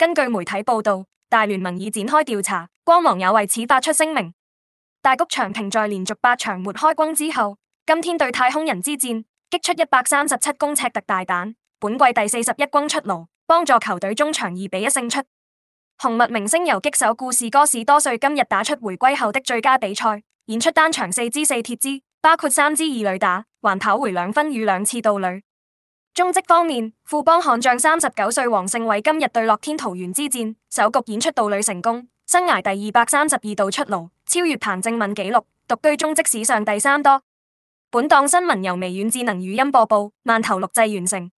根據媒體報道，大聯盟已展開調查，光芒也為此發出聲明。大谷翔平在連續八場沒開轟之後，今天對太空人之戰擊出一百三十七公尺特大彈，本季第四十一轟出爐，幫助球隊中場二比一勝出。紅襪明星游擊手故事哥士多歲今日打出回歸後的最佳比賽，演出單場四支四鐵支，包括三支二壘打，還跑回兩分與兩次盜壘。中職方面，富邦悍將三十九歲王勝偉今日對樂天桃園之戰首局演出盜壘成功，生涯第二百三十二度出爐，超越彭正敏紀錄，獨居中職史上第三多。本檔新聞由微軟智能語音播報，慢頭錄製完成。